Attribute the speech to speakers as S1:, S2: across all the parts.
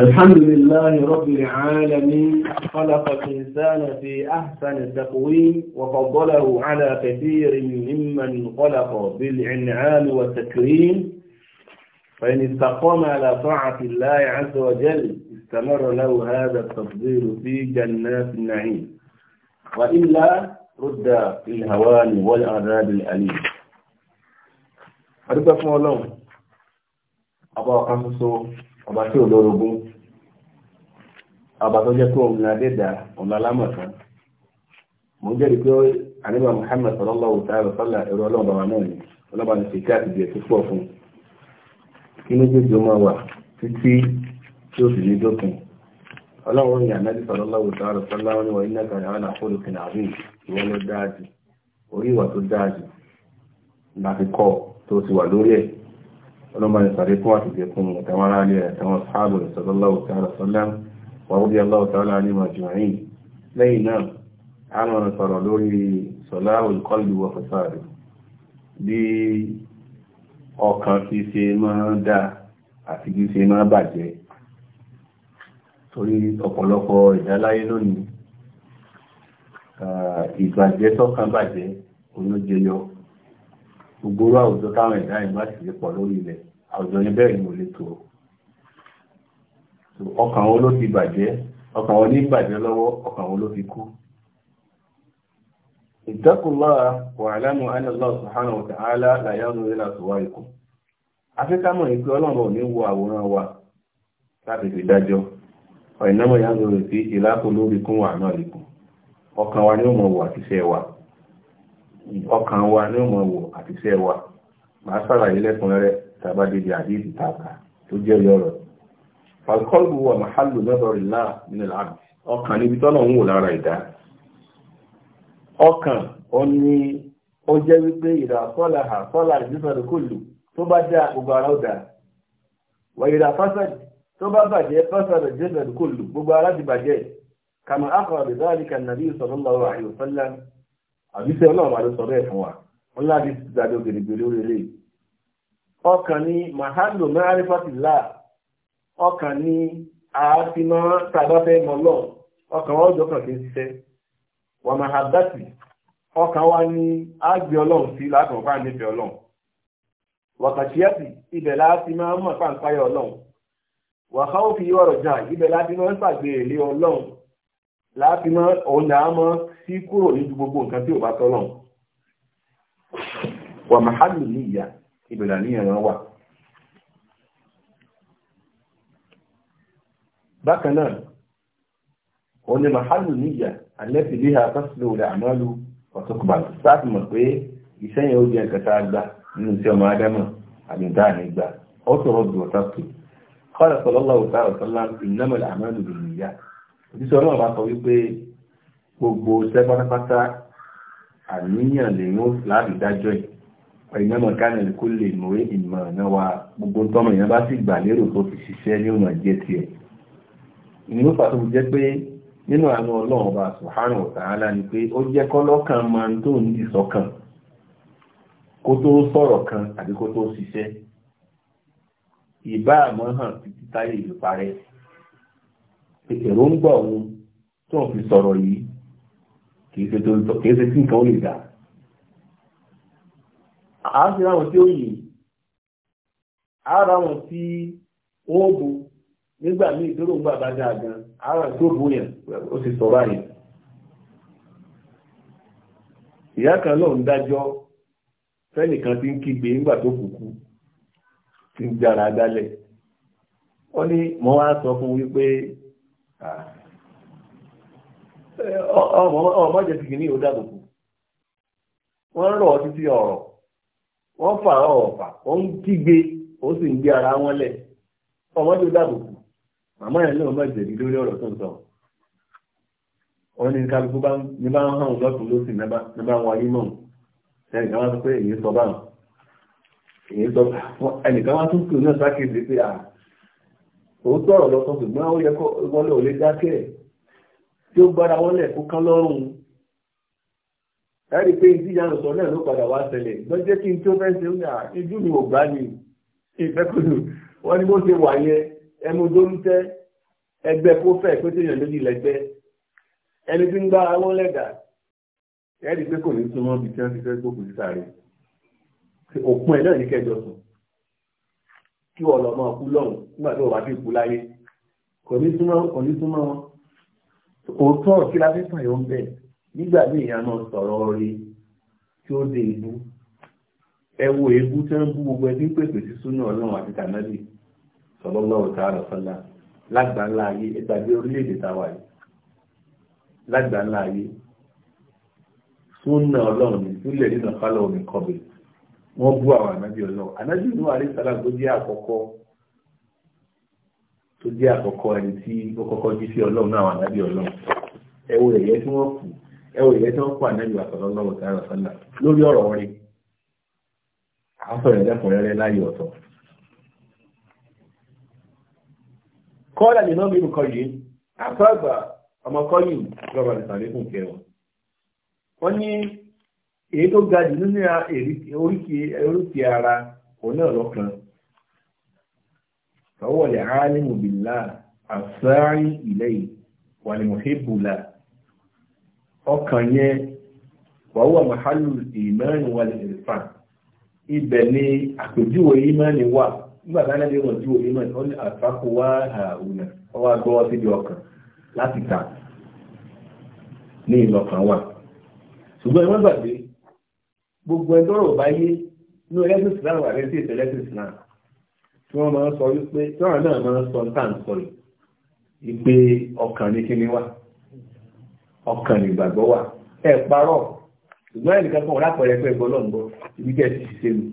S1: الحمد لله رب العالمين خلق الإنسان في أحسن تقويم وفضله على كثير ممن خلق بالإنعام والتكريم فإن استقام على طاعة الله عز وجل استمر له هذا التفضيل في جنات النعيم وإلا رد في الهوان والعذاب الأليم أرجو الله أبا قمصو أبا سيولورغون àbàtọ́jẹ́ pé òun adẹ́dà ọ̀nà alámọ̀tán mo ń jẹ́rìí pé àníbà Muhammad sallallahu ta'ala sọ́là ẹ̀rọ ọlọ́run bàbá náà ni ọlọ́ba ní ṣèké àti ìgbẹ́ tó pọ̀ fún kí méjèèjì ó máa wà títí tí ó sì ní dópin ọlọ́run ní ànábì sallallahu ta'ala sọ́là wọn ni wọ́n iná kan àwọn àkọlù kan àrí ìwọ ló dáa jù orí ìwà tó dáa jù láti kọ́ tó ti wà lórí ẹ̀ ọlọ́ba ní sàrékún àti ìgbẹ́kùn àtàwọn aráàlú ẹ̀ àtàwọn sáàbù sallallahu wàhúdí aláwọ̀tàlá ní màjúmáyìn lẹ́yìn náà a máa sọ̀rọ̀ lórí sọ̀láhùn kọlù wọ fasáàdù bí ọkàn ti ṣe máa dá àti bí ṣe máa bàjẹ́ torí ọ̀pọ̀lọpọ̀ ìdáláyé lónìí ìbàjẹ́ tọ́kàn bàjẹ́ olójẹyọ gbogbo àwùjọ táwọn ẹ̀dá ìbáṣepọ̀ lórí ilẹ̀ àwùjọ yẹn bẹ́ẹ̀ ni mo lè tó ọkàn wọn ló ti bàjẹ́ ọkàn wọn ní bàjẹ́ lọ́wọ́ ọkàn wọn ló ti kú ìtẹ́kùnlọ́ra wà lẹ́nu anilọ́ọ̀ subhanahu wa ta'ala láyánú ilẹ̀ àtúwá ikú afẹ́kámọ̀ ọlọ́run wa láti fi dájọ́ ọ̀ìnàmọ̀ ń sí ìlàkó lórí wa ni ó mọ̀ wò àtiṣẹ́ wa ọkàn wa ni ó mọ̀ wò wa falkọ́lù wà màhálù lẹ́bọ̀rì náà nínú àbí ọkàn níbi tọ́nà ń wò lára ìdá ọkàn ó ní ó jẹ́ wípé ìràsọ́là àsọ́là ìdífẹ̀rẹ̀ kò lù tó bá dá gbogbo ara ó dá wà ìrà fásádì tó bá bàjẹ́ fásádì ìdífẹ̀rẹ̀ kò lù gbogbo ara ti bàjẹ́ kàmà àkọọ̀rẹ̀ dáàlì kan nàbí sallallahu alaihi wasallam àbíṣẹ́ ọlọ́run àlọ́ sọ̀rọ̀ ẹ̀ fún wa wọn láti dàdó gèrègèrè ó lélẹ̀ ọkàn ni màhálù mẹ́rin fásitì láà ọkàn ni a ti máa tàbá fẹ́ mọ̀ lọ ọkàn wọn jọ kàn kí n ṣiṣẹ́ wà máa hàbátì ọkàn wa ni a gbé ọlọ́run sí látọ̀ fáà nífẹ̀ẹ́ ọlọ́run wàkàtíyàtì ibẹ̀ láti máa mọ̀ fáǹpáyà ọlọ́run wàháwó fi yọ̀rọ̀ jà ibẹ̀ láti máa ń pàgbé èlé ọlọ́run láti mọ́ òun náà mọ́ sí kúrò ní gbogbo nǹkan tí ò bá tọ́lọ̀ wà máa hàlù ní ìyá ìbẹ̀lẹ̀ níyàn wà bákan náà ó ní mahalu níyà alẹ́sì bí ha tásílò rẹ̀ àmọ́lù ọ̀tọ́kùbà sáàtì mọ̀ pé iṣẹ́ yẹn ó jẹ́ nǹkan tá a gbà nínú iṣẹ́ ọmọ ádámà àbí tá a ní gbà ó sọ̀rọ̀ bí ọ̀tá pé kọ́lá sọlọ́lá òtá ọ̀sánlá ìnámọ̀lẹ̀ àmọ́lù rẹ̀ níyà òjíṣẹ́ ọlọ́run bá sọ wípé gbogbo iṣẹ́ pátápátá àníyàn lèyìn láti dájọ́ ẹ̀ ọ̀yìnbá mọ̀kánà kó lè mọ̀ ìmọ̀ náà wa gbogbo tọ́mọ̀ ìyẹn bá sì gbà lérò tó fi ṣiṣẹ́ ní ọ̀nà jẹ́ tiẹ̀ ìní ó fàtó jẹ́ pé nínú àánú ọlọ́run ọba subhanahu wa ta'ala ni pé ó jẹ́ kọ́lọ́kàn máa ń tó ń dì sọ́kàn kó tó sọ̀rọ̀ kan àbí kó tó ṣiṣẹ́ ìbá àmọ́ hàn títí táyé ìlú parẹ́ èròǹgbà òun tó ń fi sọ̀rọ̀ yìí kìí ṣe tí nǹkan ó lè dà á sì ráwọn tí ó yìí á ráwọn tí ó bu nígbà míì ìdúró ń gbà bá dáa gan ara tó bú yẹn ó sì sọ báyìí ìyá kan náà ń dájọ́ fẹ́nìkan tí ń kígbe nígbà tó si tí ń jára ni ó ní mo wá sọ fún wípé ọmọ jẹ ti kìíní ìhòdàbò Wọn wọ́n títí fà ń kígbe ó sì ń gbé ara wọn ọmọ màmá yẹn náà má jẹ̀bi lórí ọ̀rọ̀ tó ń sọ wọn ní kálukú ní bá ń hàn lọ́tún lọ́sìn ní bá ń wáyé mọ̀ ẹnìkan wá sọ pé èyí sọ báwọn èyí sọ ẹnìkan wá tún kù náà sákèjì pé à ó sọ̀rọ̀ lọ sọ ṣùgbọ́n ó yẹ kó wọlé ò lè dákẹ́ tí ó gbára wọlé kó kán lọ́rùn ẹ̀rí pé ìdí ìyá ọ̀sọ̀ náà ló padà wá ṣẹlẹ̀ lọ́jọ́ kí n tó fẹ́ ṣe ń gbà ijú mi ò gbá ni ìfẹ́kùnù wọ́n ní bó ṣe wà yẹn ẹmu dóńtẹ́ ẹgbẹ́ kó fẹ́ pé téèyàn lójú lẹ́gbẹ́ ẹni tí ń gbá wọn lẹ́dà ẹ̀rí pé kò ní súnmọ́ bí tí wọ́n ti fẹ́ gbókùn sí sáré òpin ẹ̀ náà ní kẹjọ sùn kí wọ́n lọ mọ́ ọkú lọ́hùn nígbà tó wà sí ìkú láyé kò ní súnmọ́ kò ní súnmọ́ wọn kí la fẹ́ fàyọ̀ ń bẹ̀ nígbà tí ìyá náà sọ̀rọ̀ rí tí ó dé ìbú ẹ wo èébú tí wọ́n bú gbogbo ẹ tí ń pèsè sí súnà ọlọ́run àti tànádìí sallallahu ta'ala sallam lágbàńlá ayé ìgbàgbé orílẹ̀-èdè táwa yìí lágbàńlá ayé súnà ọlọ́run ní sílẹ̀ nínú kálọ̀ omi kọ̀bẹ̀ wọ́n bú àwọn ànábì ọlọ́run ànábì inú àrísàlá tó jẹ́ àkọ́kọ́ tó jẹ́ àkọ́kọ́ ẹni tí ó kọ́kọ́ jí sí ọlọ́run náà àwọn ànábì ọlọ́run ẹ wo ẹ̀yẹ tí wọ́n kù ẹ wo ẹ̀yẹ tí wọ́n kù ànábì àtọ̀lọ́ lọ́wọ́ tààrà sọ́là lórí ọ̀rọ̀ wọn rí àwọn sọ̀rọ̀ ẹ̀dẹ́kùnrin rẹ láyé ọ̀tọ̀ kọ́lá lè náà bí nǹkan yìí àfáàgbà ọmọkọ́yìn lọ́wọ́ ìsàlékùn kẹwọn wọ́n ní èyí tó ga jù nínú oríkì ara òun náà lọ́kàn fọwọ́ lè alimu billah àfáàrí ilẹ̀ wà ní mọ̀hébùlà ọkàn yẹn wàhùwà mahalu ìmánì wà lè fà ibẹ̀ ni àpèjúwe ìmánì wà nígbà táwọn ẹbí rọ̀ ju òye náà ó ní àtàkù wá àwùnà ó wá gbọ́ síbi ọkàn láti ta ní ìlọkàn wà ṣùgbọ́n ìwọ́n gbàgbé gbogbo ẹjọ́ rò bá yé inú ẹlẹ́sìn Islam wà lẹ́sìn ìtẹ̀lẹ́sìn Islam tí wọ́n máa ń sọ wípé tí wọ́n náà máa ń sọ tá à ń sọ yìí ìpè ọkàn ní kíní wà ọkàn ní ìgbàgbọ́ wà ẹ̀ parọ́ ṣùgbọ́n ẹnìkan kan wọ́n lápẹ̀rẹ̀ pé ìgbọ́lọ́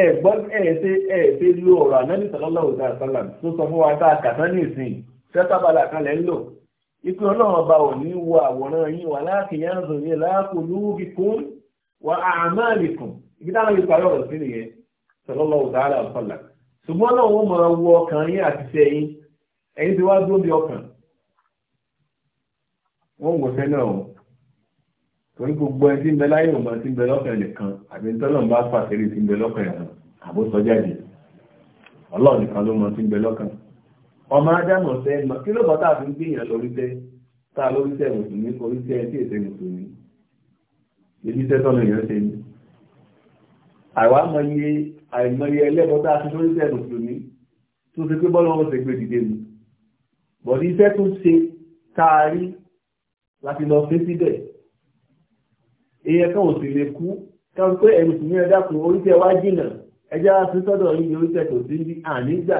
S1: ẹ̀gbọ́n ẹ̀ẹ́sẹ̀ ẹ̀ẹ́sẹ̀ lo ọ̀rọ̀ ànábì sallallahu alaihi wasallam tó sọ fún wa tá a kàtán ní ìsìn tẹ́tàbàlà kan lẹ́ ń lò ikú ọlọ́run ọba ò ní wo àwòrán yín wà láti yá ń sọ yẹn láàkó lóòbí kún wà àmàlì kùn ibi táwọn yóò parí ọ̀rọ̀ sí nìyẹn sallallahu alaihi wasallam ṣùgbọ́n náà wọ́n máa wo ọkàn yín àti ṣe yín ti wá dúró ọkàn wọ́n wò fẹ́ náà torí gbogbo ẹni tí ń bẹ láyé ọmọ tí ń bẹ lọ́kàn nìkan àbí tọ́lọ́n bá pàṣẹrí tí ń bẹ lọ́kàn ẹ̀nà àbó sọ́jáde ọlọ́run nìkan ló mọ tí ń bẹ lọ́kàn ọmọ adámọ̀ sẹ́ ẹ̀mọ kí ló bá tá a fi ń gbìyàn lórí tẹ́ tá a lórí tẹ́ mùsùlùmí orí tẹ́ tí èsè mùsùlùmí ebi tẹ́ tọ́nu èèyàn ṣe ni àwa mọye àìmọye ẹlẹ́bọ tá a fi lórí tẹ́ mùsùlùmí tó ṣe pé bọ́lá wọn ṣe gbé dìde mi bọ̀dí iṣẹ́ tó ṣe tá èèyàn kan ò sì lè kú kan pé ẹ̀rù sì ní ẹ̀dá kan orí tẹ wá jìnà ẹjẹ́ wá sí sọ́dọ̀ yìí ni orí tẹ tó sí ní ànígbà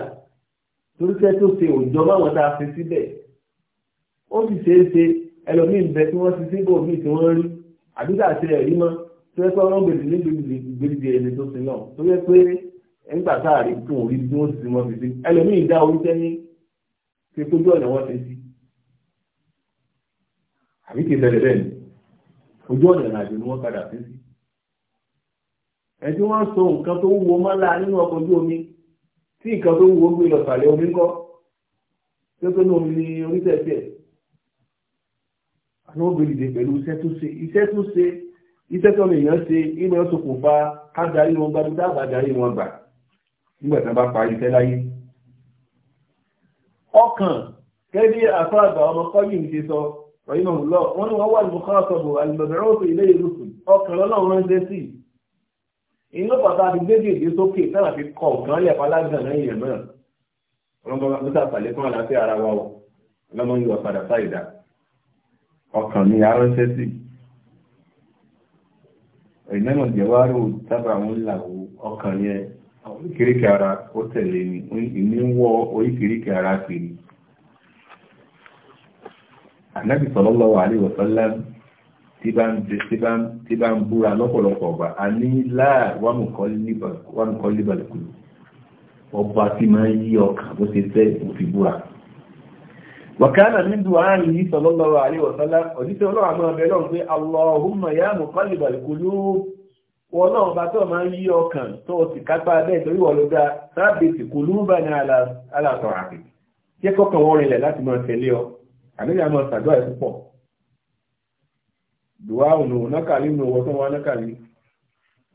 S1: torí tẹ tó ṣe òjò báwọn tá a fi síbẹ̀ ó sì ṣeé ṣe ẹlòmíì ń bẹ tí wọ́n ti síbò míì tí wọ́n rí àdúgbà ti rẹ̀ rí mọ́ tó yẹ pé wọ́n gbèdì ní gbèdìdì ẹni tó ti náà tó yẹ pé nígbà tá a rí tó orí bí wọ́n ti ti wọ́n fi sí ẹlòmíì ojú ọ̀nà ìrìnàjò ni wọ́n padà sí sí ẹtí wọ́n so nǹkan tó wúwo mọ́lá nínú ọkọ̀ ojú omi tí nǹkan tó wúwo gbé lọ sàlẹ̀ omi ńkọ́ tó tó ní omi ní oníṣẹ́sí ẹ̀ àwọn obìnrin dè pẹ̀lú iṣẹ́ tó ṣe iṣẹ́ tó ṣe iṣẹ́ tó ní èèyàn ṣe ìmọ̀ ẹ̀ ṣokùnfà ká darí wọn gbá dúdá àbá darí wọn gbà nígbà tí wọ́n bá parí iṣẹ́ láyé ọkàn kẹ́bí àfáàgbà ọmọ kọ́yìn ti sọ rahimahullah wọ́n ní wọ́n wà lùkọ́ àtọ̀bù alìmọ̀bẹ̀rọ̀sọ ilé ìrùsùn ọkàn lọ́lọ́run ránṣẹ́ sí inú pàtàkì gbégèdè sókè sára fi kọ̀ nǹkan lẹ̀ falágbà náà èèyàn náà ọlọ́mọ bá múta pàlẹ́ fún àlàáfíà ara wa ọlọ́mọ yìí wà padà sáìdá ọkàn ni a ránṣẹ́ sí ìnáwó jẹ̀wárò tábà wọn làwọ ọkàn yẹn oríkèéríkèé ara ó tẹ̀lé ní wọ́ oríkèéríkèé ara kiri ànábì sallallahu alaihi wa sallam tí bá ń búra lọ́pọ̀lọpọ̀ ọba a ní láà wámùkọ́líbalùkù ọba tí máa ń yí ọkà bó ṣe fẹ́ òfin búra wàkánà nínú àárín yìí sallallahu alaihi wa sallam òdíṣẹ́ ọlọ́run àmọ́ ọbẹ̀ lọ́run pé Allahumma ya muqallibal qulub wọn náà bá tó máa ń yí ọkàn tó ti anaghị àmọ́ ṣàdúrà yẹn púpọ̀ dùwà ònà nákàlí ní owó tó wá nákàlí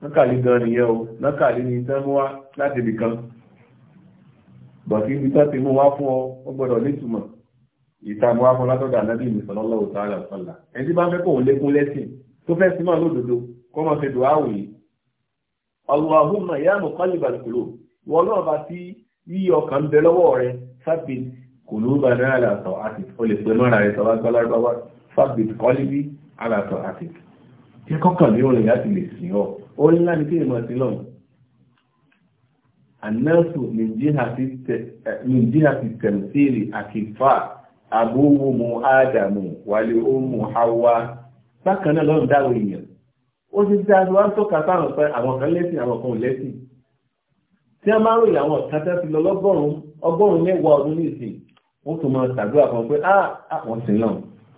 S1: nákàlí gan nìyẹn o nákàlí ní tán láti ibì kan ibi ti mú wá ọ ó gbọ́dọ̀ nítumọ̀ ìtààmú wá fún mi ẹni tí bá lékún lẹ́sìn tó fẹ́ sí ya muqallibal qulub wọ́n kùlúbà náà àlàtọ̀ àti o lè pè mọ́ra rẹ̀ sọ́wọ́ gbọ́lágbọ́wọ́ fábit kọ́líbí àlàtọ̀ àti tí kọ́kàn ní orin láti lè sìn ọ́ ó ní láti tí ìmọ̀ sí lọ́n anẹ́sù nìjíhà ti tẹ̀m̀síìlì àkìfà àbúwò mu ádámù wàlé ó mu hawa bákan náà lọ́rùn dáwọ̀ èèyàn ó ti dá wá ń tọ́ka sáwọn pé àwọn kan lẹ́sìn àwọn kan lẹ́sìn tí a máa ń ròyìn àwọn kan lọ lọ́gọ́rùn-ún ọgọ́rùn-ún mẹ́wàá ọdún ní ó tún máa tàdúrà kan pé ah, ah wọ́n sin náà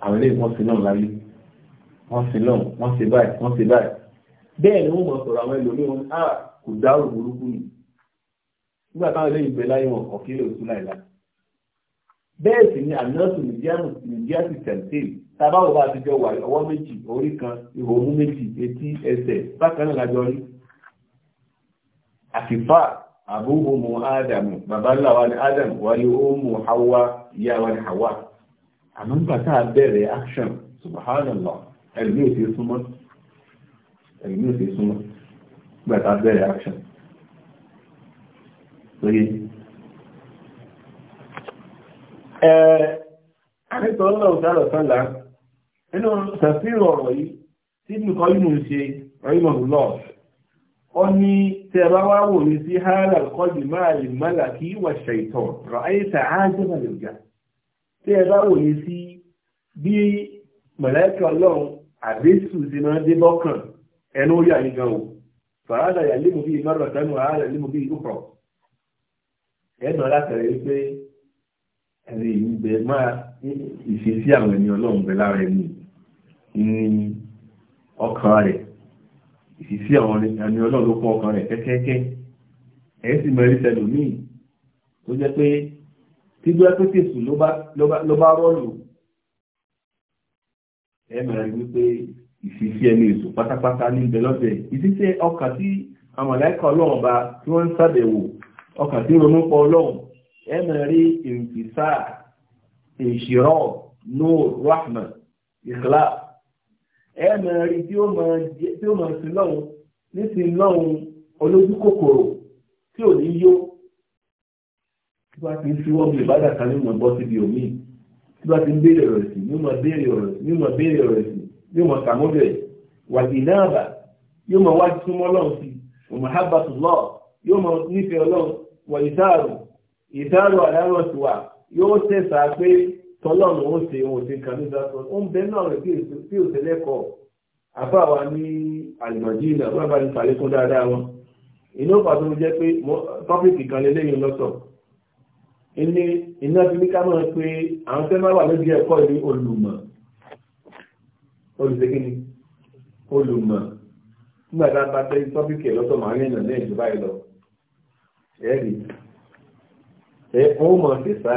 S1: àwọn eléyìí wọ́n sin náà láyé wọ́n sin náà wọ́n ṣe báyìí wọ́n ṣe báyìí bẹ́ẹ̀ ni wọ́n mọ̀ sọ̀rọ̀ àwọn ẹlòmíràn ah kò dárò burúkú nì nígbà táwọn eléyìí bẹ láyé wọn ọ̀kí lè tún láìla bẹ́ẹ̀ sì ni ànásù nìjíríà sì tẹ̀lé tábàwò bá àtijọ́ wà ọwọ́ méjì orí kan ihò mú méjì etí ẹsẹ̀ bákan náà lájọ rí àtìfáà أبوهم آدم مبلا وان آدم ويؤم حواء يا وان حواء أمن بتاع بري أكشن سبحان الله الميت يسمون الميت يسمون بتاع بري أكشن طيب آه، أنا أقول لك تعالى صلى إنه تفسير الرأي سيدنا قيم المسيح رحمه الله ó ní tẹ́bá wá wò ní sí hálà kọjú máa lè mọ́là kí wà ṣàìtọ̀ ra'ayta ájẹ́bà lè jà tẹ́bá wò ní sí bí mọ̀lẹ́kà ọlọ́run àbẹ́sù sí máa dé bọ́kàn ẹnu orí àyè gan o fàádà yà límù bí ìmọ̀ràn tánú àárẹ̀ límù bí ìrúkọ̀ ẹ̀nà látàrí pé ẹ̀rí ìgbẹ́ máa ìṣesí àwọn ẹni ọlọ́run bẹ lára ẹni ní ọkàn rẹ̀ ìsí àwọn ẹni ọlọ́run ló kún ọkàn rẹ̀ kẹ́kẹ́kẹ́ ẹ̀ sì mọ ẹ̀ríṣẹ́ lòmíì tó jẹ́ pé tíjú ẹ pé tèṣù ló bá rọ́ọ̀lù ẹ mẹ́rin wípé ìfìfí ẹni èso pátápátá ní ibẹ̀ lọ́sẹ̀ ìfífẹ́ ọkàn tí àwọn àláìka ọlọ́run bá tí wọ́n ń ṣàbẹ̀wò ọkàn tí ronú pọ̀ ọlọ́run ẹ mẹ́rin ìrìntìsáà ìṣirọ́ nóò rahman ìkìláà ẹ máa tí ó máa sin lọ́hùn nísìn lọ́hùn olójú kòkòrò tí ò ní yó tí wọ́n ti ń fi wọ́n mi ìbádàá kan nínú ọgbọ́n síbi òmíì tí wọ́n ti ń béèrè ọ̀rọ̀ sí ní mọ̀ béèrè ọ̀rọ̀ sí ní mọ̀ béèrè ọ̀rọ̀ sí ní mọ̀ kàmọ́bẹ̀ wàdí náà bà yóò máa wá súnmọ́ lọ́hùn tọ́lọ́run ó ṣe ohun ṣe nǹkan nígbà tó ó ń bẹ náà rẹ̀ bí ò tẹ́lẹ́kọ̀ àbá wa ní àlùmọ̀jì ìlà bá bá ní sàlékún dáadáa wọn inú ọ̀pá tó jẹ́ pé tọ́pìkì kan lélẹ́yìn lọ́tọ̀ ilé iná fi ní ká mọ̀ pé àwọn tẹ́ máa wà lójú ẹ̀kọ́ ní olùmọ̀ olùsèkìní olùmọ̀ nígbà tá a bá tẹ́ tọ́pìkì ẹ̀ lọ́tọ̀ màá rìnà lẹ́yìn tó báyìí lọ ẹ̀rí ẹ̀ ó sísá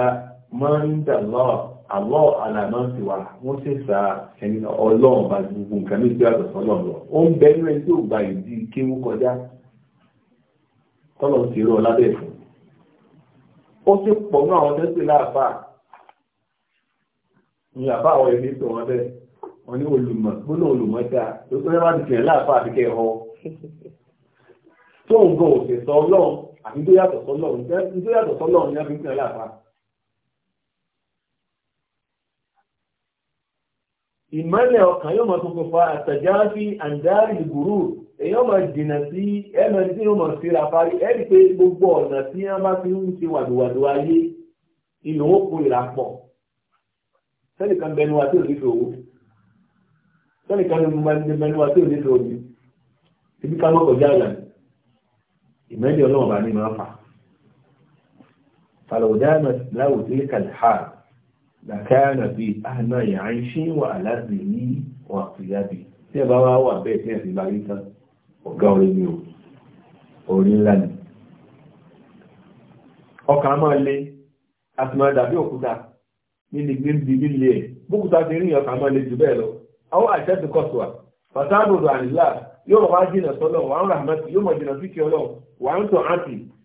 S1: máa ń dà lọ́ọ̀ àlọ́ àlàmọ́ ti wà wọ́n sì sa ẹni ọlọ́run bá gbogbo nǹkan ní ìgbé àgbẹ̀sọ́ náà lọ ó ń bẹ nínú ẹni tí ò gba ìdí kéwú kọjá tọ́lọ̀ ti rọ lábẹ́ fún ó sì pọ̀ mọ́ àwọn tẹ́sí láàfà ní àbá àwọn ẹ̀mí tó wọn bẹ́ẹ̀ wọn ní olùmọ̀ gbóná olùmọ̀ dáa tó tó yẹ́wà ti fi hàn láàfà àti kẹ́họ́ tó ń gan òṣèṣọ́ ọlọ́run àti tó yàtọ̀ sọ́lọ́run tó yàtọ̀ sọ́lọ́run ní wọ́n fi ń fi hàn láàfà. ìmọ́lẹ̀ ọkàn yóò máa tuntun fa àtàjáfí àndáàrí ìgbòrò èyàn máa dènà sí ẹnàdí tí yóò máa fira parí ẹni pé gbogbo ọ̀nà tí wọ́n bá fi ń ṣe wàdùwàdù ayé ìlú ó kó ìlà pọ̀ sẹ́nìkan bẹnu wa tí ò nílò owó sẹ́nìkan bẹnu wa tí ò nílò omi ibi ká lọ́kọ̀ já ìlànà ìmọ́lẹ̀ ọlọ́run bá ní máa fà fàlọ́dá náà láwùjọ kàlẹ́ hàn làkàrà bíi àná ìrìnṣẹ́ wà láti ní wà fìyàbí tí ẹ bá wá wà bẹ́ẹ̀ tí ẹ sì bá rí tán ọ̀gá orí mi ò orí ńlá ni ọkà máa lé àtìmọ̀ dàbí òkúta nílé bókúta ti rí ọkà máa le jù bẹ́ẹ̀ lọ àwọn àìsẹ́sì kọ̀tùwà fàtàdùdù ànílà yóò mọ̀ wá jìnà sọ́lọ̀ wà ń yóò jìnà sí kíọ́lọ̀ wà ń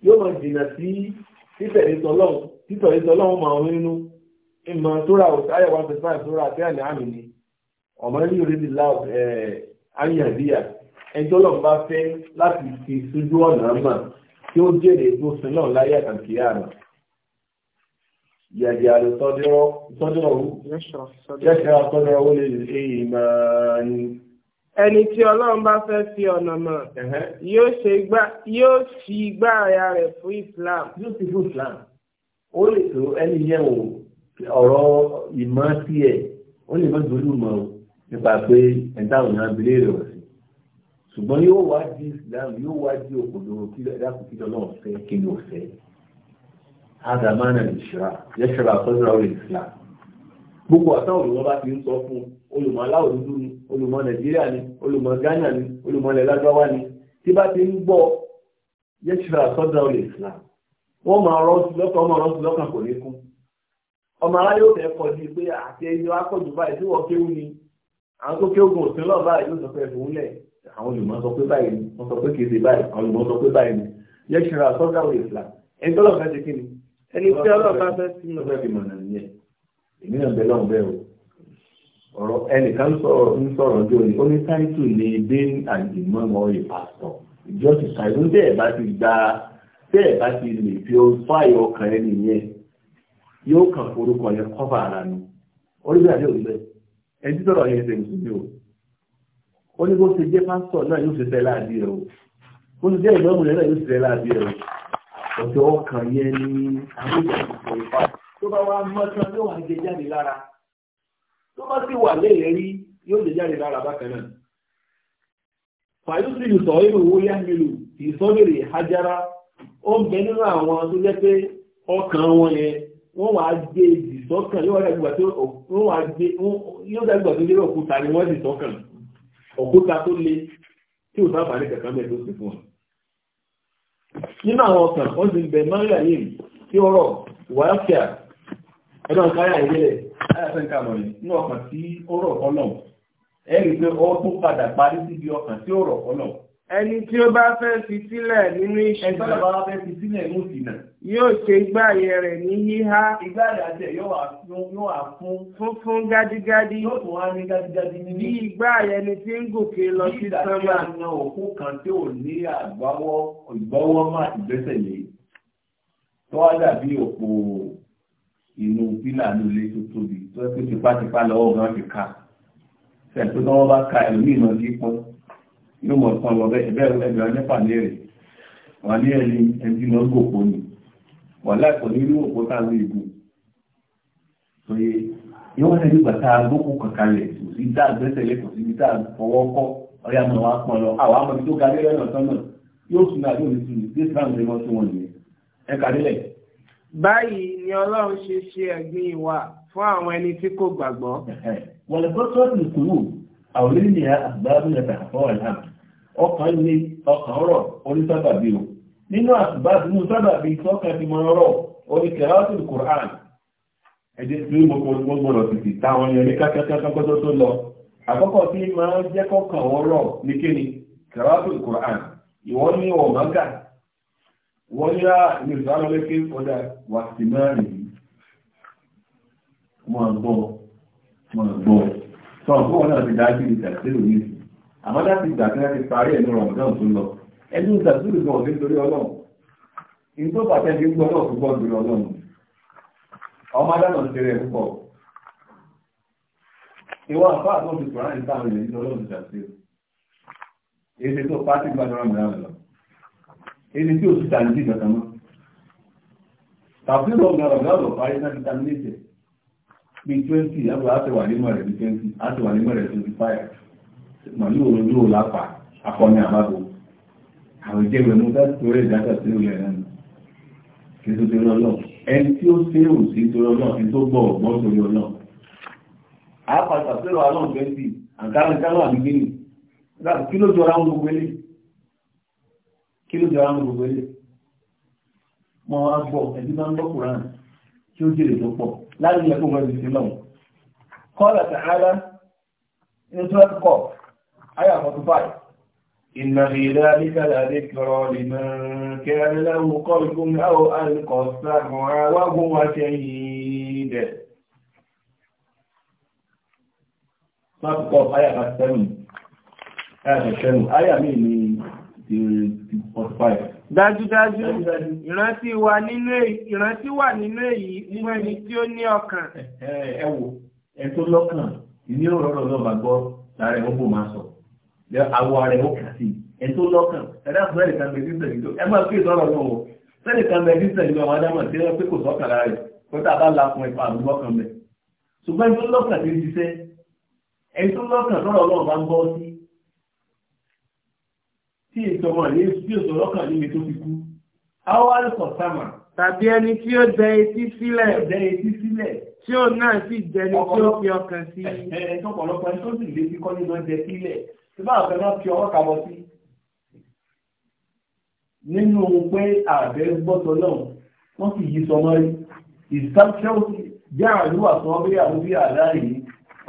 S1: yóò jìnà sí títẹ̀lé sọ́lọ̀ títọ̀lé sọ́lọ̀ ìmọ̀ sóra òtáyọ̀ one twenty five sóra àti àná àmì ni ọmọ ní orílẹ̀ ìlà ayélujára ẹjọ́ lọ́n bá fẹ́ láti fi sójú ọ̀nà mà tí ó jèrè tó sin náà láyé àtàkì àná. Yàjà ló sọ́dọ̀ sọ́dọ̀ wú. Yẹ́sẹ̀ sọ́dọ̀ wú lè ṣe ìmọ̀ ni. Ẹni tí Ọlọ́run bá fẹ́ fi ọ̀nà mọ̀ yóò fi igbá ara rẹ̀ fún Islam. Yóò fi fún Islam. Ó lè tó ẹni yẹn wò ọ̀rọ̀ ìmọ̀ sí ẹ̀ ó lè mọ́ ìdúró mọ́ o nípa pé ẹ̀ńtà òun abilé rẹ̀ wọ̀ sí ṣùgbọ́n yóò wá di Islam yóò wá di òkòdó dákùn kí lọ́nà ọ̀fẹ́ kí ni ọ̀fẹ́ àdàmánà ìṣura yẹ́ṣọ́ra àkọsílẹ̀ ọ̀rọ̀ Islam gbogbo àtàwọn olùmọ̀ bá fi ń sọ fún olùmọ̀ aláwọ̀ dúdú ni olùmọ̀ Nàìjíríà ni olùmọ̀ Ghana ni olùmọ̀ lẹ́lágbáwá ni tí bá ti ń gbọ́ yẹ́ṣọ́ra àkọsílẹ̀ ọ̀rọ̀ Islam wọ́n máa rọ́ọ̀tù lọ́kàn wọ́n máa rọ́ọ̀tù lọ́kàn kò ní kún ọmọ aráyé ò fẹ́ kọ sí pé àti ẹni wá pọ̀jù báyìí tí wọ́n kéwù ni àwọn tó kéwù gùn sí báyìí yóò sọ pé ẹ̀fọ́ ńlẹ̀ àwọn olùmọ̀ sọ pé báyìí ni wọ́n sọ pé kìí ṣe báyìí àwọn olùmọ̀ sọ pé báyìí ni yẹ ṣe ra sọ́gà wò ìfìlà ẹni tó lọ́ọ̀fẹ́ ṣe kí ni. ẹni tí ọlọ́ọ̀fẹ́ fẹ́ sí mi. ọlọ́ọ̀fẹ́ fi mọ̀nà nìyẹn èmi náà bẹ lọ́hùn bẹ́ẹ̀ o ọ̀rọ̀ ẹnìkan ń sọ̀rọ̀ jọ ni ó ní táìtù ní bín àdìmọ́mọ́ ìpàsọ̀ ìjọ́sìn táìtù bẹ́ẹ̀ bá ti gba bẹ́ẹ̀ bá ti lè fi ó fáyọ̀ ọkàn ẹni yẹn yóò kàn forúkọ yẹn kọ́fà ara ni orí bí àdéhùn bẹ́ẹ̀ ẹni tí yẹn ṣe mùsùlùmí o ó ní bó ṣe jẹ́ pásítọ̀ náà yóò ṣe fẹ́ láàbí rẹ̀ o bó ṣe jẹ́ ìlọ́mù rẹ̀ náà yóò ṣe fẹ́ láàbí rẹ̀ o ọ̀dọ̀ ọkàn yẹn ni àbújá ìfọ̀ ìfà tó bá wá mọ́ tán yóò wá jẹ jáde lára tó bá sì wà lẹ́yìn rí yóò jẹ jáde lára bákan náà fàyọ́sì ìsọ̀ irú owó yá mi lù ìsọ́bẹ̀rẹ̀ hajara ó ń bẹ nínú àwọn tó jẹ́ pé ọkàn wọn yẹn wọ́n wá gbé ìdì sọ́kàn yóò dàgbà tó lérò òkúta ni wọ́n dì sọ́kàn òkúta tó le tí ò sábà ní tó sì àwọn ọkàn wọ́n ti bẹ̀ tí ó rọ̀ wáyáfíà ẹ̀dọ̀ káyà ìrẹ́lẹ̀ ayàfẹ́ nǹkan ọkàn tí ó rọ̀ ọlọ́run tí ẹni tí ó bá fẹ́ fi sílẹ̀ nínú ìṣúná. ẹni tí ó bá fẹ́ fi sílẹ̀ nínú ìṣúná. yóò ṣe ìgbàyẹ rẹ̀ ní híhá. ìgbàyẹ àti ẹ̀ yóò wà fún. funfun gádígádí. yóò tún wá ní gádígádí nínú. bí ìgbàyẹ ni tí ń gòkè lọ sí sánmà. nígbà tí a yan òkú kan tí ò ní àgbáwọ́ ìgbọ́wọ́ má ìgbésẹ̀ lé. tó wá dàbí òpó inú pílà ní ilé tó tóbi tó ẹ tipátipá lọ́wọ́ gan ti ká. sẹ̀ yóò mọ̀ sán lọ bẹ́ẹ̀rún ẹgbẹ̀rún mẹ́fà ní èrè wà ní ẹni ẹni lọ gòkó ni wà láìpọ̀ ní irú òpó tá a lè gùn tó yé yóò wọ́n nígbà tá a gbókù kankanlẹ̀ kò sí dá àgbẹ́sẹ̀lẹ̀ kò sí dá ọwọ́ kọ́ ọyá mọ̀ wá pọ̀ lọ àwọn amọ̀ tó ga lé lọ́nà sọ́nà yóò sùn náà yóò ní sùn ní islam lè sí wọn nìyẹn ẹ kà nílẹ̀. báyìí ni ọlọ́run ṣe ṣe ẹ̀gbin ìwà fún àwọn ẹni tí kò gbàgbọ́. wọ̀lẹ̀ bọ́sọ̀tì kúrò àwọn oníyà àgbà ọkàn ní ọkàn rọ̀ onísábàbí o nínú àtìbáàbí nínú sábàbí tọ́kàn ti máa rọ̀ oníkẹ̀rọ́tìlì Qur'an ẹ̀jẹ̀ tí mo gbọ́dọ̀ tètè táwọn yẹn ní kákẹ́kẹ́kọ́tọ́ tó lọ àkọ́kọ́ tí máa ń jẹ́ kọ́kàn wọn rọ̀ ní kíni kẹ̀rọ́tìlì Qur'an ìwọ́n ní ọ̀mọ́gà ah, wọ́n yá ní ìsànlọ́lẹ́kẹ́ ọ̀dà wà sí náà nìyí mọ̀ àgbọ̀ mọ̀ àgbọ̀ sọ̀rọ̀ fún náà ti dájú ìtàkìlù yìí àmọ́ láti ìgbà tí wọ́n ti parí ẹ̀nu rọ̀mọ̀dán tó lọ ẹnu ìdàdúró gan ọ̀dẹ́ nítorí ọlọ́run ìgbó pàtẹ́ fi gbọ́ púpọ̀ nítorí ọlọ́run ọmọ adáná ti rẹ̀ púpọ̀ ìwọ àfáà tó ti kùrán ní táwọn ènìyàn nítorí ọlọ́run ti dàsí èsì tó pàtí gbàdúrà mìíràn lọ èsì tí òṣìṣà ní àbúrò nímọ̀ twenty nímọ̀ rẹ̀ màálù òrojú ò lápá akọni àbábo àwọn ìjẹ́wẹ̀ mú bá torí ìdájọ́ sí ìwé rẹ̀ nù kí tó torí ọlọ́ ẹni tí ó ṣe ò sí torí ọlọ́ kí tó gbọ́ ọ̀gbọ́n torí ọlọ́ àápàtà pẹ̀lú alọ́n twenty àǹkárá ìkárá àdúgbò ni kí ló jọra ń gbogbo ilé kí ló jọra ń gbogbo ilé mọ agbọ ẹbí bá ń gbọ́ kúránì tí ó jèrè tó pọ̀ láti yẹ kó wọn ti sí kọ́ àyà fọ́tún báyìí Inna fi dhalika la dhikra liman kana lahu qalbun aw alqa as-sam'a wa huwa shahid Sáàpùpọ̀ àyà bá sẹ́yìn, àyà bá sẹ́yìn, àyà mí ni ti 45 dájúdájú ìrántí wà nínú ìrántí wà nínú èyí fún ẹni tí ó ní ọkàn. ẹ wò ẹ tó lọ́kàn ní ọ̀rọ̀ lọ́ba gbọ́ lára ẹ̀ máa sọ àwọ̀ rẹ̀ ó kà sí ètò lọ́kàn ẹ̀dá sẹ́lẹ̀ kan bẹ̀ dísẹ̀ nílò ẹ máa pè sọ́rọ̀ náà wọ̀ sẹ́lẹ̀ kan bẹ̀ dísẹ̀ nílò àwọn adámọ̀ tí wọ́n pé kò sọ́kàn lára rẹ̀ kó tá a bá la fún ipa àrùn lọ́kàn bẹ̀. ṣùgbọ́n ètò lọ́kàn ti ṣiṣẹ́ ètò lọ́kàn sọ́rọ̀ náà bá ń bọ́ sí tí ìtọ́mọ̀ ní bí òṣò lọ́kàn níbi tó fi kú. àwọn àlùkò sàmà. tàbí ẹni tí ó dẹ etí sílẹ̀. dẹ etí sílẹ̀. tí òun náà sì jẹni tí ó fi ọkàn sí. ẹ ẹ tọpọlọpọ ẹni tó sì lé sí kọ́ nínú ẹ síbá àfẹ́ náà fi ọwọ́ kàbọ̀ sí nínú pé àbẹ́ gbọ́tọ̀ náà wọ́n sì yí sọmọ́ rí ìsáṣẹ́ bí àrùn àtọ́ bí àwọn bí àdáre yìí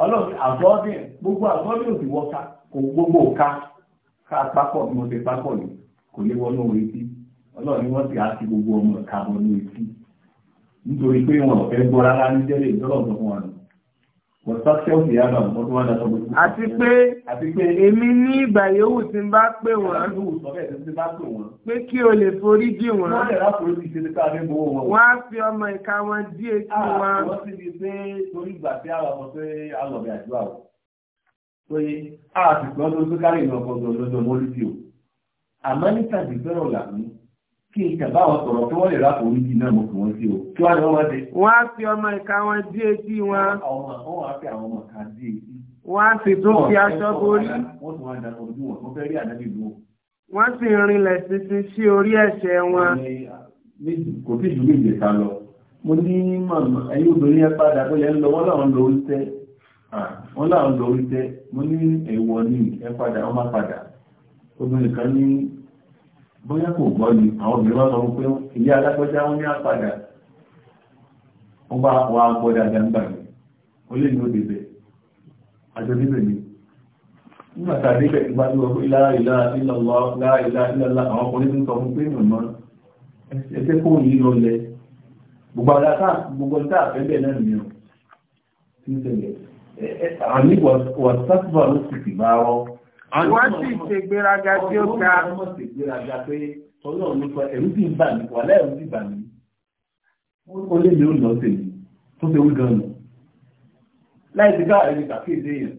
S1: ọlọ́run àtọ́bí gbogbo àtọ́bí ò sì wọ́ta kò gbogbo ká ká pápọ̀ bí mo ṣe pápọ̀ ní kò lè wọnú etí ọlọ́run wọ́n ti á ti gbogbo ọmọ ìka wọnú etí nítorí pé wọn ò gbọ́ rárá ní tẹ́lẹ̀ ìjọ́lọ́gbọ̀n Àti pé èmi ní ìgbà yòówù tí ń bá pè wọ́n. Pé kí o lè forí jì wọ́n. Wọ́n á fi ọmọ ìka wọn dí etí wọn. Àwọn sì ní pé torí ìgbà tí àwọn ọmọ pé alọ̀bẹ àdúrà o. Pé a ti gbọ́dọ̀ tó kárí ìlú ọkọ̀ ọ̀dọ̀ lọ́jọ́ mọ́lúdì o. Àmọ́ níta ìgbẹ́rọ̀ làmú kí ìjàmbá àwọn sọ̀rọ̀ tí wọ́n lè rápò oríjì náà mọ̀ kí wọ́n sí o kí wọ́n ni wọ́n dé. wọ́n á fi ọmọ ìka wọn dí etí wọn. wọ́n á fi àwọn ọmọ kan dí etí. wọ́n á sì tún fi aṣọ borí. wọ́n tún wá ń daṣọ ojú wọn tó fẹ́ rí ànábì lù wọn. wọ́n sì rinlẹ̀ sísin sí orí ẹ̀ṣẹ̀ wọn. kò tí ju méje ká lọ. mo ní màmá ẹ̀yin obìnrin yẹn padà bóyá ń lọ wọ́n làwọn lọ orí tẹ́ wọ́n làwọn lọ orí tẹ́ mo ní ẹ̀wọ̀ ni ẹ padà wọ́n má padà obìnrin kan ní bóyá kò gbọ́ ni àwọn obìnrin wọn sọ pé ìyá alágbọ́já wọn ní àpàdà ó bá wà gbọ́ dáadáa ń gbà mí ó lè ní òdìbẹ àjọ níbẹ ni nígbà tá a débẹ̀ ìgbà tó wọ́n ilá ilá ìlọ́lọ́ ilá ilá ìlọ́lá àwọn ọkùnrin tó ń sọ fún pé màmá ẹsẹ̀ kò yí lọ lẹ gbogbo ara tá gbogbo tá a fẹ́ bẹ́ẹ̀ náà nìyẹn tí ń ṣẹlẹ̀ àní wàtí sáfùbà ló sì ti bá wọn wọ́n sì ṣe gbéraga tí ó ga. ọlọ́run ṣe gbéraga pé ọlọ́run ní sọ ẹ̀rú sì ń bà mí wà lẹ́rù sì bà mí ó lé mi ó lọ sí mi tó ṣe wí gan-an láì ti ká ẹni kàkíyèsí èèyàn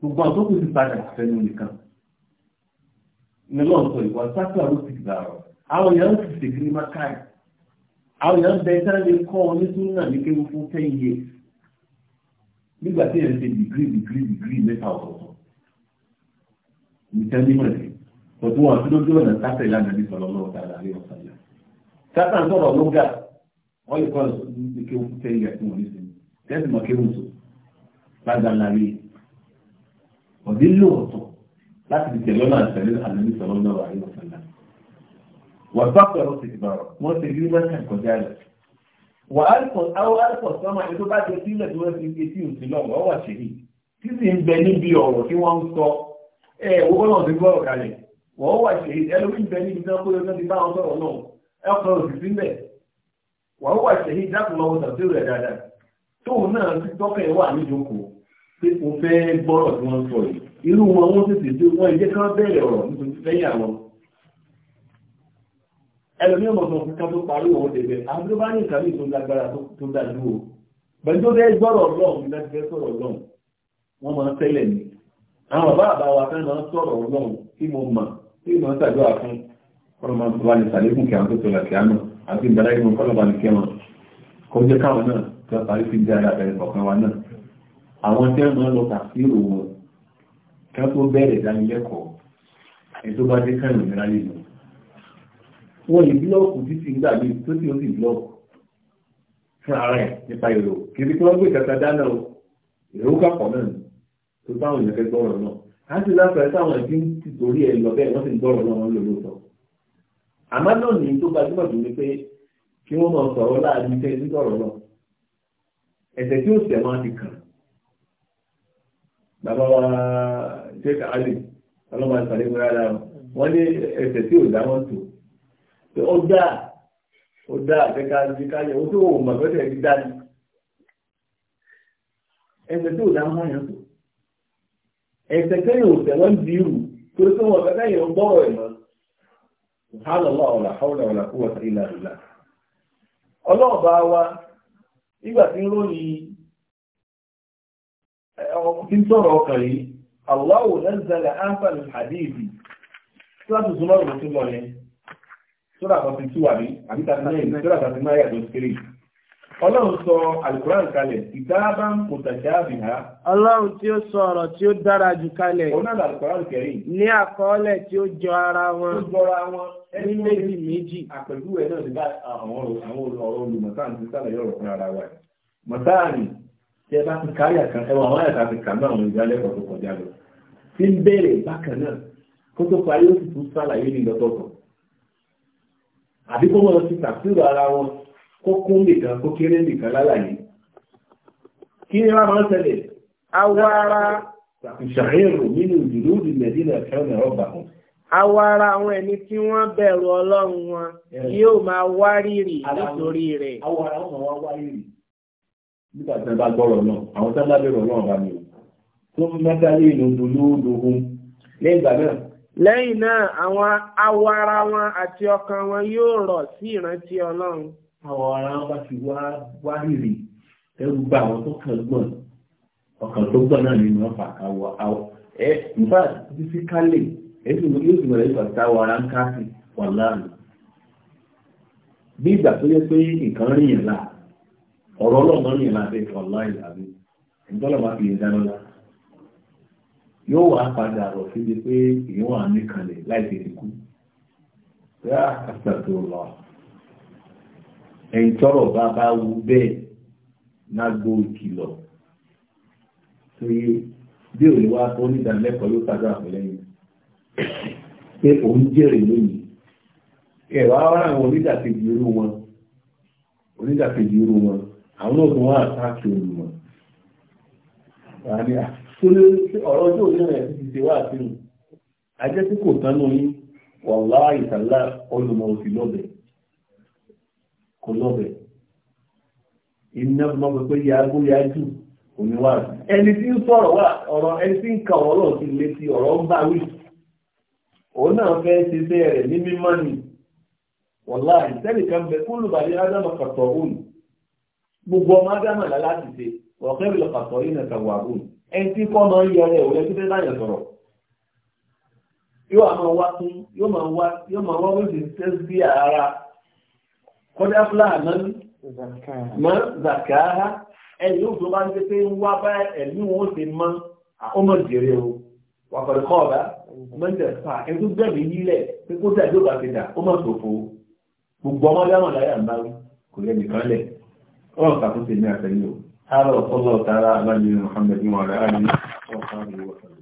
S1: gbogbo àwọn tó kù sí padà fẹnu nìkan ní lọ́n sọ ìwà sáfíà ló ti gbà rọ̀ àwọn èèyàn ti ṣe kiri má káì àwọn èèyàn bẹ sáré lè kọ́ ọ ní súnà ní kéwú fún ten years nígbà tí èèyàn ṣe dìgírì dìgírì dìgírì mẹ́ta ọ̀tọ̀ọ̀tọ̀ nìkan ní mọ̀lẹ́ ọdún wọn tó lójú ọ̀nà sáfẹ́ ìlànà ní sọ̀rọ̀ lọ́wọ́ tààrà rí ọ̀sán yá sáfà ń sọ̀rọ̀ lóga wọ́n lè kọ́ ní kéwù fẹ́ yẹ fún wọn ní sinmi tẹ́sí mọ̀ kéwù tó lágbà lárí ọ̀dí lóòótọ́ láti fi tẹ̀lé ọ̀nà àtẹ̀lé àná ní sọ̀rọ̀ lọ́wọ́ àrí ọ̀sán yá wà bá pẹ̀lú ti bàrọ̀ wọ́n ti rí mẹ́ta kọjá rẹ̀ wà alùpọ̀ sọ́mà ètò bá jẹ ẹ̀wọ́ bọ́lá ọ̀sẹ̀ gbọ́ ọ̀kalẹ̀ wọ́n wà ṣe ẹlòmíì bẹ níbi tí wọ́n kó ti bá wọn náà ẹ̀kọ́ òsì sílẹ̀ wọ́n wà ṣe ìdákùnlọ́wọ́ tàbí rẹ̀ dáadáa tóun náà ti tọ́kẹ̀ wà pé mo fẹ́ gbọ́rọ̀ tí wọ́n sọ yìí irú wọn wọ́n tètè wọ́n kan bẹ̀rẹ̀ ọ̀rọ̀ nítorí lẹ́yìn àwọn ọmọ àwọn bàbá àbá wa fẹ́ máa sọ̀rọ̀ ọlọ́run tí mo mà tí mo ń tàdúrà fún kọ́nà máa tó wà ní sàlékùn kí àwọn tó tọ̀lá kí á mọ̀ àti ìgbàlá ìmọ̀ kọ́nà bá ní kí wọn kó jẹ́ káwọn náà tí wọ́n parí sí jẹ́ ara bẹ̀rẹ̀ kọ̀ọ̀kan wa náà àwọn tí wọ́n máa lọ kà sí ìrò wọn kí wọ́n tó bẹ̀rẹ̀ ìdánilẹ́kọ̀ọ́ ẹni tó bá dé kẹ́rin ìnira lè lọ. wọ́n yìí búlọ́ọ̀kù tí ti ń gbà bíi tó ti ó sì búlọ́ọ̀kù fún ara ẹ̀ nípa èrò kì í tó táwọn èèyàn fẹ́ gbọ́rọ̀ náà á sì láǹfààní táwọn ẹbí ń tìtorí ẹ lọ bẹ́ẹ̀ wọ́n sì ń gbọ́rọ̀ náà wọ́n lò lóòótọ́ àmọ́ náà ní tó gbajúmọ̀ tó ní pé kí wọ́n máa sọ̀rọ̀ láàrin iṣẹ́ ní náà ẹ̀sẹ̀ tí ó sẹ̀ máa ti kàn bàbá wa sheik ali ọlọ́mọ àtàlẹ́ ìwé ara wọn ní ẹ̀sẹ̀ tí ò dá wọn tò pé ó dá ó dá àfẹ́ká ní káyọ̀ ó tó wò mọ̀ pẹ́sẹ̀ ẹ̀sẹ̀ kẹ́yìn òsẹ̀ wọ́n di irú tó tó wọ́n kẹ́kẹ́ yẹn ń gbọ́rọ̀ ẹ̀ mọ́ subhanallah ọ̀la hawla wala quwwata illa billah ọlọ́ọ̀bá wa nígbà tí ń ròyìn tí ń sọ̀rọ̀ ọkàn yìí Allahu nazzala ahsan al-hadith síwájú súnmọ́ ìrọ̀tún yìí Ọlọ́run sọ Alìkùrán kalẹ̀, ìdábá ń kò tàjáàbì ha. Ọlọ́run tí ó sọ ọ̀rọ̀ tí ó dára jù kalẹ̀. Òun náà Alìkùrán kẹrin. Ní àkọọ́lẹ̀ tí ó jọ ara wọn. Ó jọra wọn. Ní méjì méjì. Àpẹ̀lú ẹ̀ náà ti bá àwọn ọ̀rọ̀ olùmọ̀tán ti sálàyé ọ̀rọ̀ fún ara wa. Mọ̀táàni, tí ẹ bá ti kárí àkàn, ẹwà àwọn àyàtà ti kà náà àwọn ìdálẹ́kọ̀ọ́ tó kọjá lọ. Tí ń bèèrè bákan náà, kó tó parí ó sì kó kún nìkan kó kéré nìkan lálàyé kí ni wọ́n máa ń tẹ̀lé awara ìṣàhẹ́rò nínú ìdúró ìdí mẹ́dínà kẹ́rìn ọgbà wọn. awara àwọn ẹni tí wọ́n bẹ̀rù ọlọ́run wọn yóò máa wárìrì nítorí rẹ̀. awara wọn máa wá wárìrì nígbà tí wọ́n bá gbọ́rọ̀ náà àwọn tí wọ́n bá bẹ̀rù ọlọ́run bá mi tó fi mẹ́tàlẹ́ ìlú dolódogun lẹ́yìn lẹ́yìn náà àwọn awara wọn àti ọkàn wọn yóò rọ̀ sí ìrántí ọlọ́run. àwọn ará bá ti wá wá rírì ẹrú gba àwọn tó kàn gbọ̀n ọkàn tó gbọ̀n náà nínú ọ̀fà àwọ̀ àwọ̀ ẹ nípa títí kálẹ̀ ẹ sì yóò sì bẹ̀rẹ̀ ìgbà tá àwọn ará ń ká sí bí ìgbà tó yẹ pé nǹkan rìnyìn là ọ̀rọ̀ rìnyìn là bẹ́ẹ̀ láì fi yẹn dáná ẹ̀yìn tọ́rọ̀ bá bá wú bẹ́ẹ̀ nágbó ìkìlọ̀ tó yé bí òní wá tó onídàálẹ́kọ̀ọ́ yóò tàbí àpẹlẹ́yìn pé òun jèrè lónìí ẹ̀wà wá àwọn onídàkejì irú wọn onídàkejì irú wọn àwọn oògùn wọn àtàkì olùmọ̀ àní àtúlé ọ̀rọ̀ ọjọ́ òní rẹ̀ ti ṣe wá àtìrù ajẹ́ tí kò tán lóyún wàláhì tàlá olùmọ̀ òsì lọ́bẹ̀ẹ́ kò lọ́bẹ̀ iná mọ́ pé pé yaago yaaju òní wà ẹni tí ń sọ̀rọ̀ wà ọ̀rọ̀ ẹni tí ń ka ọ̀rọ̀ lọ́ọ̀ sí létí ọ̀rọ̀ ń bá wí òun náà fẹ́ ṣe fẹ́ rẹ̀ ní mímọ́ ni wọ̀lá ìtẹ́nìkan bẹ kúlù bàdé ádámà kàtọ̀ òun gbogbo ọmọ ádámà láti ṣe ọ̀kẹ́ ìlọ kàtọ̀ yìí nà kàwà òun ẹni tí kọ́ máa ń yọ ẹ̀ òun ẹgbẹ́ láyọ̀ sọ̀rọ̀ yóò máa wá tún yóò máa wá wíṣẹ̀ tẹ́sí ara kọ́dé afúlá àmọ́nú mọ́ zàkáhá ẹni yóò tó bá ń pé pé ń wá bá ẹ̀mí wọn ṣe mọ́ ọmọ jèrè o wàkọ̀dé kọ́ ọ̀dá mọ́tẹ̀ fà ẹni tó gbẹ̀mí nílẹ̀ pé kó tẹ̀ ló bá ti dà ó mọ̀ sòfò gbogbo ọmọ dáhùn láyà ń bá kò yẹ nìkan lẹ̀ ọlọ́run kàkó sí ní àtẹ̀yìn o. هذا وصلى الله تعالى على نبينا محمد وعلى اله